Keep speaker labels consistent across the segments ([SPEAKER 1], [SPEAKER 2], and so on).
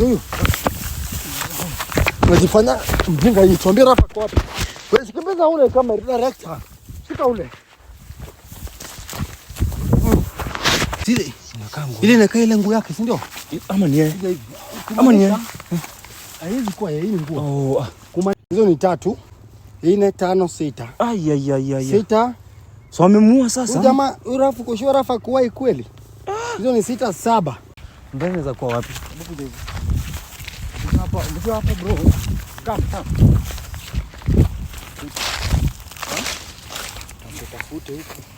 [SPEAKER 1] Huyu unajifanya mjinga hii, tuambie hapa kwa wapi? Wewe sikimbiza ule kama director. Shika ule. Ile ile inakaa ile nguo yake, si ndio? Ama ni yeye. Ama ni yeye. Eh. Haiwezi kuwa yeye, hii nguo. Oh, ah. kuma hizo ni tatu. Ine, tano, sita.
[SPEAKER 2] Ai ai ai ai. Sita. So amemua sasa.
[SPEAKER 1] Jamaa, urafu kushua rafa kuwai kweli. Ah. Hizo ni sita saba.
[SPEAKER 2] Mbele naweza kuwa wapi?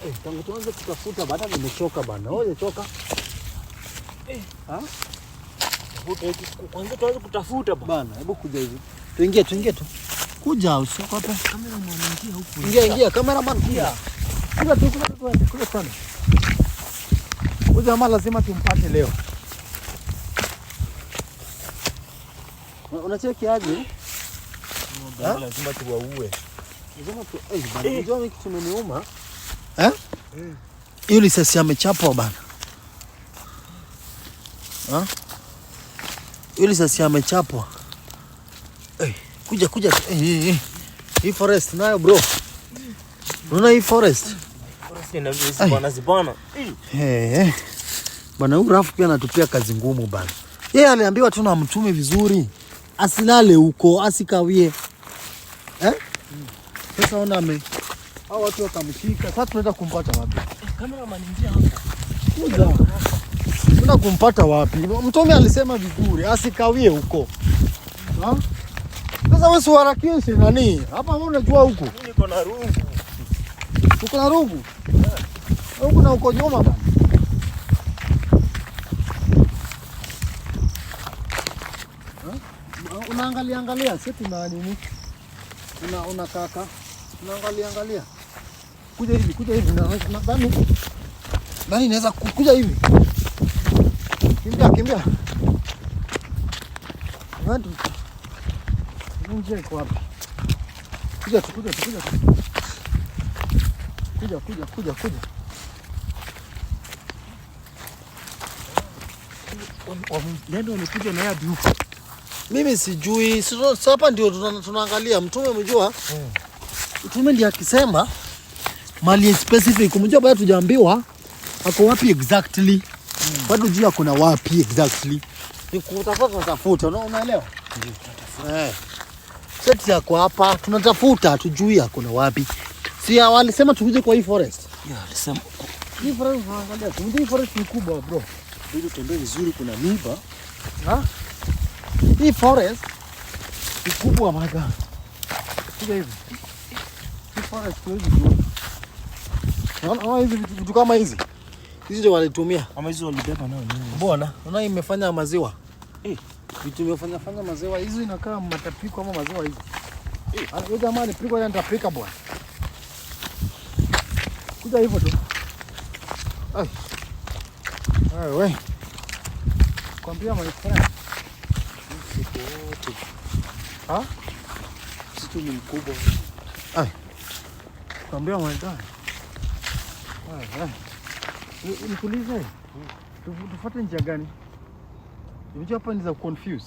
[SPEAKER 1] Eh, tangu tuanze kutafuta bana, nimechoka bana. Wewe choka. Eh, Kwanza tuanze kutafuta bana. Hebu kuja hivi. Tuingie, tuingie tu.
[SPEAKER 2] Kuja usiogope. Cameraman
[SPEAKER 1] ingia huku. Ingia, ingia. Cameraman ingia. Kuja tu, kuja tu, kuja tu. Huyu jamaa lazima tumpate leo. Unacheki aje? Lazima tuwaue. Tumeniuma
[SPEAKER 2] eh, eh. eh? hiyo risasi amechapwa bana, hiyo risasi amechapwa. Kuja kuja, hii forest nayo bro, unaona hii forest bana. huyu rafu pia anatupia kazi ngumu bana. Yeye aliambiwa tu na mtumi vizuri asilale huko, asikawie eh? Mm. Sasa ona me hao watu wakamshika. Sasa tunaenda kumpata wapi? Eh,
[SPEAKER 1] cameraman ndio
[SPEAKER 2] hapa. Tuna kumpata wapi? Mtume alisema vizuri, asikawie huko. Sasa wewe usiharakishe si nani? Hapa wewe unajua huko. Niko na rungu. Uko na rungu? Huko na uko nyuma bana. unaangalia angalia, si tuna nini, una una kaka, unaangalia angalia, kuja hivi, kuja hivi, nadhani nani inaweza kuja hivi, kimbia kimbia, njia iko wapi? Kuja tu, kuja tu, kuja tu, kuja kuja kuja kuja wamekuja na yadi huko mimi sijui hapa, ndio tunaangalia mtume, mjua hmm. mtume ndiye akisema mali specific, mjua baada tujaambiwa ako wapi exactly, mm. bado jua kuna wapi exactly,
[SPEAKER 1] ni kutafuta, tafuta no, unaelewa eh, sasa kwa hapa, tunatafuta tujui ako na wapi. Si walisema tukuje kwa hii forest, yeah, alisema hii forest, unaangalia, hii forest ni kubwa bro,
[SPEAKER 2] ndio tembee vizuri, kuna miba
[SPEAKER 1] ha hii forest ni kubwa maga. Hivi hii forest hizi tu. Naona hizi vitu kama hizi. Hizi ndio walitumia.
[SPEAKER 2] ama hizi walibeba nao nini?
[SPEAKER 1] Mbona? Unaona imefanya maziwa. Eh, vitu imefanya fanya maziwa. Hizi inakaa matapiko ama maziwa hizi. Eh, hapo ah, jamaa ni piko ya tapika bwana. Kuja hivyo tu. Ai. Ai wewe. Kwambia my friend.
[SPEAKER 2] Msitu ni mkubwa.
[SPEAKER 1] Tambia mwanadamu. Nikuulize, tufuate njia gani? Unajua hapa ni za confuse.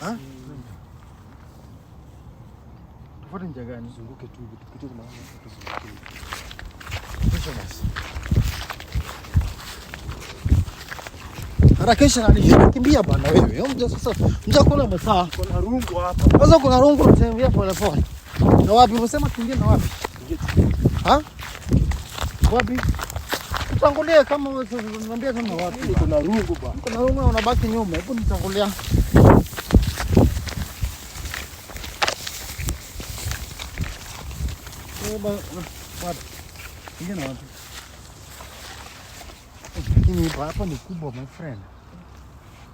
[SPEAKER 1] Ha? Tufuate njia gani? Zunguke tu, tupite mahali
[SPEAKER 2] Harakisha na kimbia bwana wewe. Mja sasa mja kuna masaa.
[SPEAKER 1] Kuna rungu hapa.
[SPEAKER 2] Sasa kuna rungu unatembea pole pole. Na wapi unasema kimbia na wapi? Ha? Wapi? Tutangulia kama unaniambia kama wapi.
[SPEAKER 1] Kuna rungu bwana.
[SPEAKER 2] Kuna rungu unabaki nyuma. Hebu nitangulia.
[SPEAKER 1] Eba eh, wapi? Kimbia na wapi? hapa ni kubwa my friend.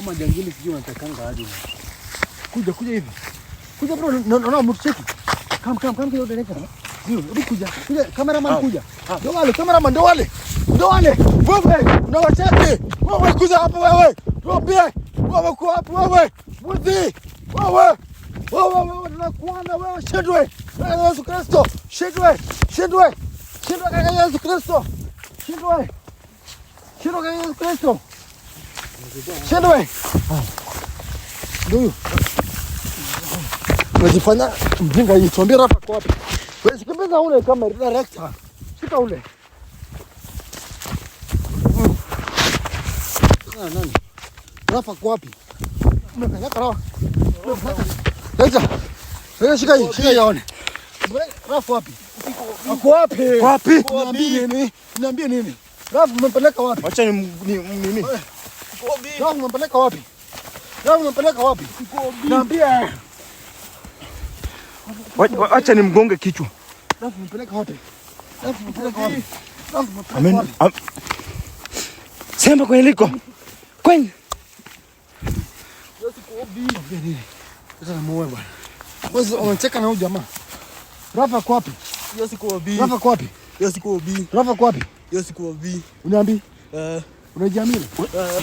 [SPEAKER 1] ama jangili sijui wanatakanga aje.
[SPEAKER 2] Kuja kuja hivi. Kuja bro, naona mtu cheki. Kam kam kam kidogo dereka. Ndio, hebu kuja. Kuja cameraman kuja. Ndio wale cameraman ndio wale. Ndio wale. Wewe unawacheki. Wewe kuja hapo wewe. Tuambie. Wewe uko hapo wewe. Mudi. Wewe. Wewe wewe tunakuona wewe shindwe. Yesu Kristo. Shindwe. Shindwe. Shindwe kwa Yesu Kristo. Shindwe. Shindwe kwa Yesu Kristo. Shida wewe. Ndio. Unajifanya mjinga hii. Tuambie hapa kwa wapi?
[SPEAKER 1] Wewe sikimbiza ule kama director. Shika ule. Ah, nani? Rafa kwa wapi? Umepeleka rafa. Leta. Leta shika hii, shika yaone. Rafa wapi? Ako wapi? Wapi? Niambie nini? Niambie nini? Rafa umepeleka wapi?
[SPEAKER 2] Acha ni nini?
[SPEAKER 1] Dawa yaani unampeleka wapi? Dawa yaani unampeleka wapi?
[SPEAKER 2] Acha kichwa.
[SPEAKER 1] Dawa unampeleka wapi? Dawa
[SPEAKER 2] unampeleka wapi? Sema kwenye liko. Kwenye.
[SPEAKER 1] unacheka na huyu jamaa. Rafa kwa wapi?
[SPEAKER 2] Hiyo siku wapi? Rafa kwa wapi? Hiyo siku wapi? Rafa kwa wapi? Hiyo siku wapi? Uniambi? Eh. Unajiamini? Eh.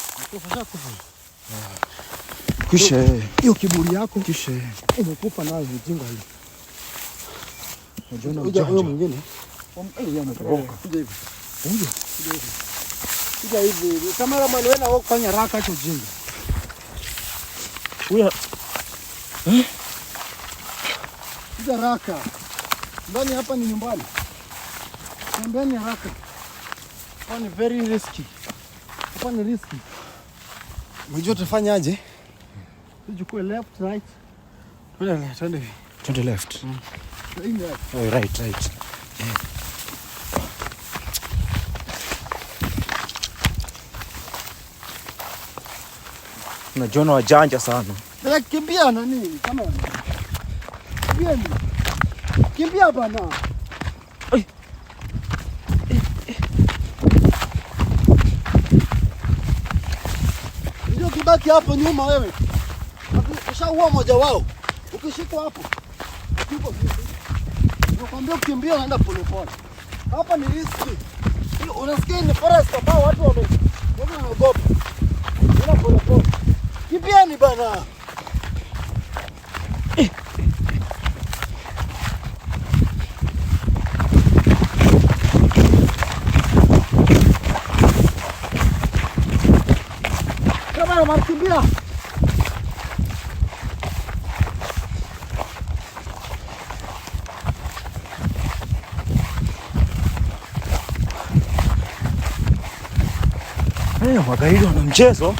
[SPEAKER 2] Kisha hiyo kiburi yako kisha
[SPEAKER 1] umekufa nayo mjinga hiyo. Unajiona ujanja. Huyo mwingine. Eh, huyo ametoka. hivi. Kuja. Kuja hivi. Kama kama raka hicho jinga.
[SPEAKER 2] Huyo. Eh?
[SPEAKER 1] Kuja raka. Ndani hapa ni nyumbani. Tembeni raka Hapa ni very risky. Hapa ni risky. Mjua tutafanya aje? Tuchukue left, right.
[SPEAKER 2] Twende twende. Twende mm. left. Oh, right, right. Yeah. Najiona wajanja sana.
[SPEAKER 1] Eh, kimbia nani? Kama. Kimbia bana. ukibaki hapo nyuma wewe. Ushaua moja wao. Ukishikwa hapo. Nakwambia ukimbia naenda polepole. Hapa ni riski. Unasikia ni forest ambao watu wame wanaogopa. Unaenda polepole. kimbiani bana. Kimbia Omar, kimbia.
[SPEAKER 2] Magaidi eh, wana mchezo.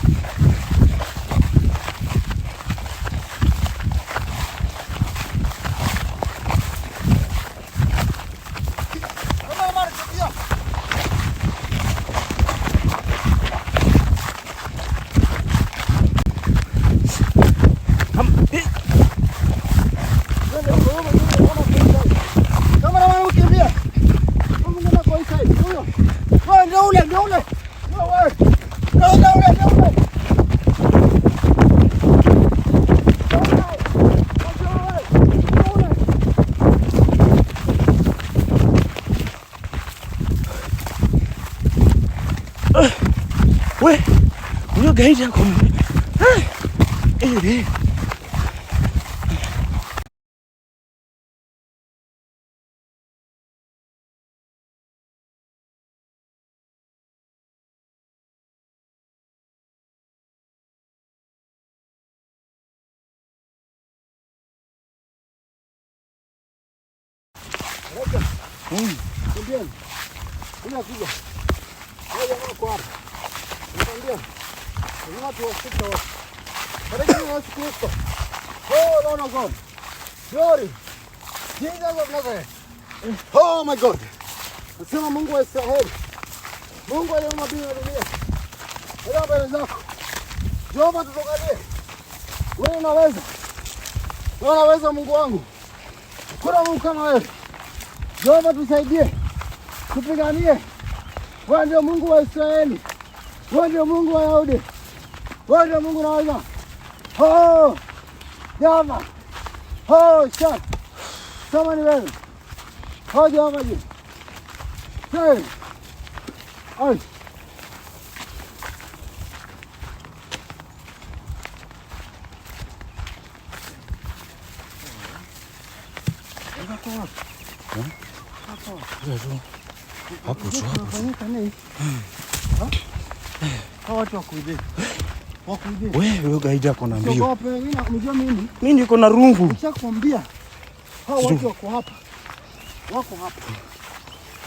[SPEAKER 2] 왜? 우리가 가이지 않고 없는데. 에이. 응.
[SPEAKER 1] 준비한. 그냥 그거. olhando agora. Entendeu? Uma, duas, é fica outra. Peraí que não escuta. Oh, lá no gol. Glory. Jesus of Nazareth. Oh my God. Nasema Mungu wa Israeli. Mungu aliye mabini ya dunia. Leo mbele zako. Jehova tutokalie. Wewe unaweza. Wewe unaweza Mungu wangu. Kuna Mungu kama wewe. Jehova tusaidie. Tupiganie. Wewe ndio Mungu wa Israeli, wewe ndio Mungu wa Yahudi, wewe ndio Mungu naweza. Ho Jehova, ho sha kama ni wewe, ho Jehova ji hey. Ay.
[SPEAKER 2] Huh? That's all. Hapo tu hapo.
[SPEAKER 1] Hao watu wakuide. Wakuide.
[SPEAKER 2] Wewe yako na mbio. Mimi niko na rungu.
[SPEAKER 1] Nishakwambia. Hao watu wako hapa. Wako hapa.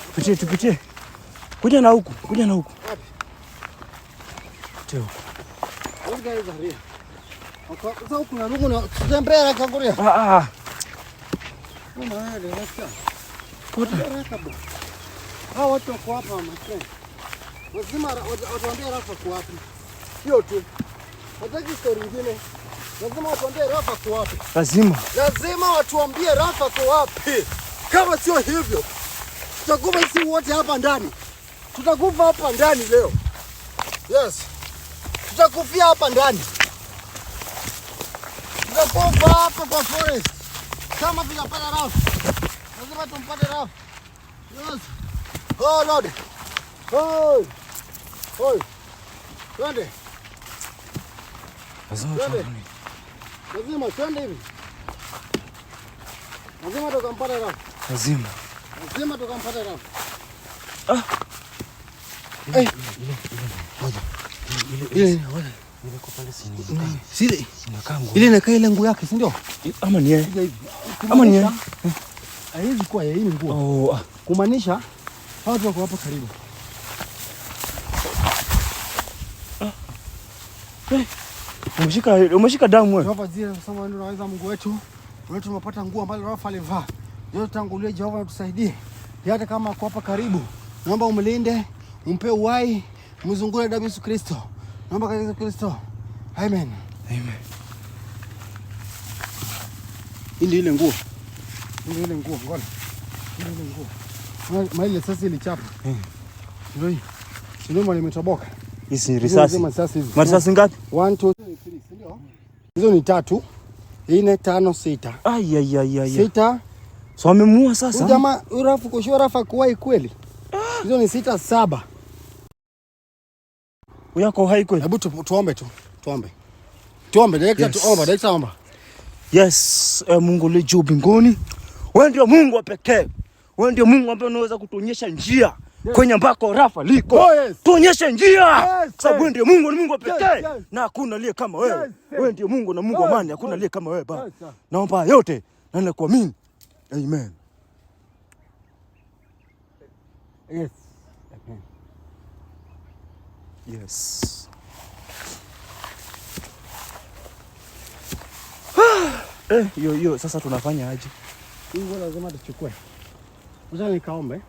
[SPEAKER 2] Tupitie, tupitie. Kuja na huku, kuja na huku. Teo.
[SPEAKER 1] Wewe guide haria. Sasa huku na rungu na tutembea na kaguria. Ah, ah ah. Mbona wewe unasikia? Kwa hao watu wako hapa mama. Lazima watuambie Rafa kwa wapi. Hiyo tu. Hataki story nyingine. Lazima watuambie Rafa kwa wapi. Lazima. Lazima watuambie Rafa kwa wapi. Kama sio hivyo, tutakufa sisi wote hapa ndani. Tutakufa hapa ndani leo. Yes. Tutakufia hapa ndani. Tutakufa hapa kwa forest. Kama tunapata Rafa. Lazima tumpate Rafa. Yes. Oh, twende. Hoi. Oh! Twende. Lazima twende hivi. Lazima tukampata Rafu. Lazima. Lazima tukampata Rafu.
[SPEAKER 2] Ah. Eh. Ile ile inakaa ile nguo yake si ndio? Ama ni yeye. Ama ni yeye.
[SPEAKER 1] Haiwezi kuwa yeye ni
[SPEAKER 2] nguo. Oh. Ah.
[SPEAKER 1] Kumaanisha Watu wako hapa karibu.
[SPEAKER 2] Umeshika umeshika damu wewe.
[SPEAKER 1] Jehova zile msema wewe unaweza Mungu wetu. Wewe tumepata nguo ambazo Rafa alivaa. Leo tangulie Jehova atusaidie. Hata kama uko hapa karibu. Naomba umlinde, umpe uhai, mzungure damu Yesu Kristo. Naomba kwa Yesu Kristo. Amen.
[SPEAKER 2] Amen. Ile ile nguo.
[SPEAKER 1] Ile ile nguo, ngoja. Ile ile nguo maile sasa ilichapa. Eh. Ndio hii. Ndio maana imetoboka.
[SPEAKER 2] Hizi risasi. Marisasi ngapi?
[SPEAKER 1] 1 2 3 ndio. Hizo ni tatu. Nne, tano, sita.
[SPEAKER 2] Ai ai ai ai. Sita. So amemua sasa.
[SPEAKER 1] Jamaa urafu kushua rafa kuwai kweli. Ah. Hizo ni sita saba.
[SPEAKER 2] Uyako hai kweli.
[SPEAKER 1] Hebu tuombe tu. Tuombe. Tuombe dakika tuomba. dakika omba.
[SPEAKER 2] Yes, eh, Mungu lijo binguni. Wewe ndio Mungu wa pekee. Wewe ndio Mungu ambaye unaweza kutuonyesha njia yes, kwenye ambako Rafa liko. Oh, yes. Tuonyeshe njia. Yes, sababu wewe ndio Mungu, ni Mungu pekee. Yes, yes. Na hakuna aliye kama wewe. Yes, yes. Wewe ndio Mungu na Mungu wa amani, hakuna aliye kama wewe Baba. Yes, Naomba yote na ninakuamini. Amen. Yes. Amen. Yes. Eh, hiyo hiyo sasa tunafanya aje?
[SPEAKER 1] Hiyo lazima tuchukue. Wacha nikaombe.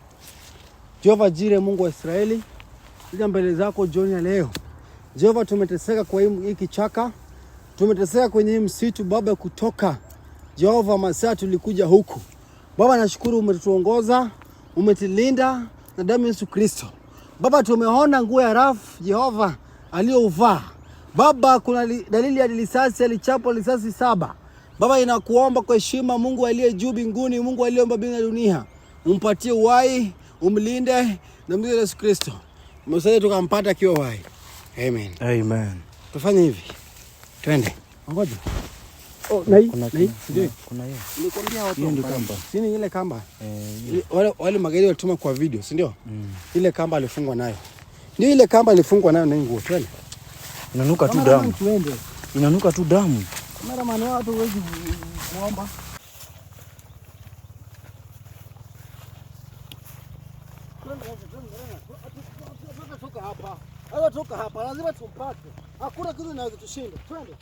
[SPEAKER 1] Jehova Jire, Mungu wa Israeli, kuja mbele zako jioni ya leo. Jehova, tumeteseka kwa hii kichaka, tumeteseka kwenye hii msitu Baba kutoka Jehova masaa tulikuja huku Baba, nashukuru umetuongoza, umetulinda na damu Yesu Kristo. Baba, tumeona nguo ya rafu Jehova aliyovaa Baba, kuna dalili ya risasi, alichapwa risasi saba. Baba, inakuomba kwa heshima Mungu aliye juu mbinguni, Mungu aliyeumba mbingu na dunia umpatie uhai, umlinde na mzee Yesu Kristo. Msaidie tukampata akiwa uhai. Amen. Amen. Tufanye hivi. Twende. Ngoja. Oh, nai, nai. Kuna hiyo. Nilikwambia watu ndio kamba. Si ni ile kamba? Eh. Wale wale magari walituma kwa video, si ndio? Mm. Ile kamba alifungwa nayo. Ndio ile kamba alifungwa nayo na nguo. Twende.
[SPEAKER 2] Inanuka tu damu. Inanuka tu damu.
[SPEAKER 1] Kamera Kameraman, watu huwezi kuomba. Sasa toka hapa, lazima tumpate. Hakuna kitu kinachotushinda. Twende.